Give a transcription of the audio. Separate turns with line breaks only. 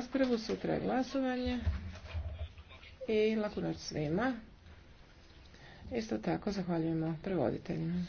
raspravu, sutra je glasovanje i laku noć svima. Isto tako zahvaljujemo prevoditeljima.